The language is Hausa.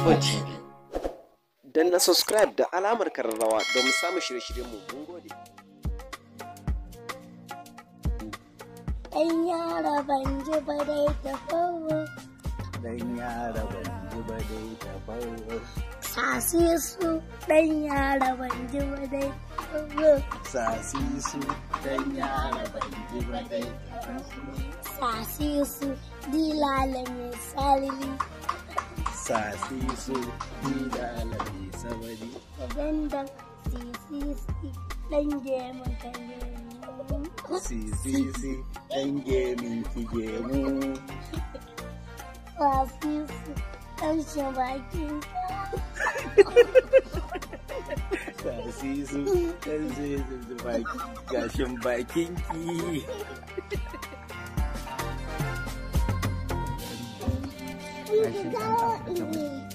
Kashfa TV. Dan na subscribe da alamar kararrawa don samun shirye-shiryen mu mun gode. Dan yara ban ji ba dai ta fawo. Dan yara ban ji ba dai ta fawo. Sasi su dan yara ban ji ba dai ta fawo. Sasi su dan yara ban ba dai ta fawo. Sasi su sasisu ni da alabi sabari zandan sisisi dan gemun kagemu sisisi dan gemun kigemu sasisu kaushe bakin sasisu kaushe bakin gashin bakinki 还是班长教你。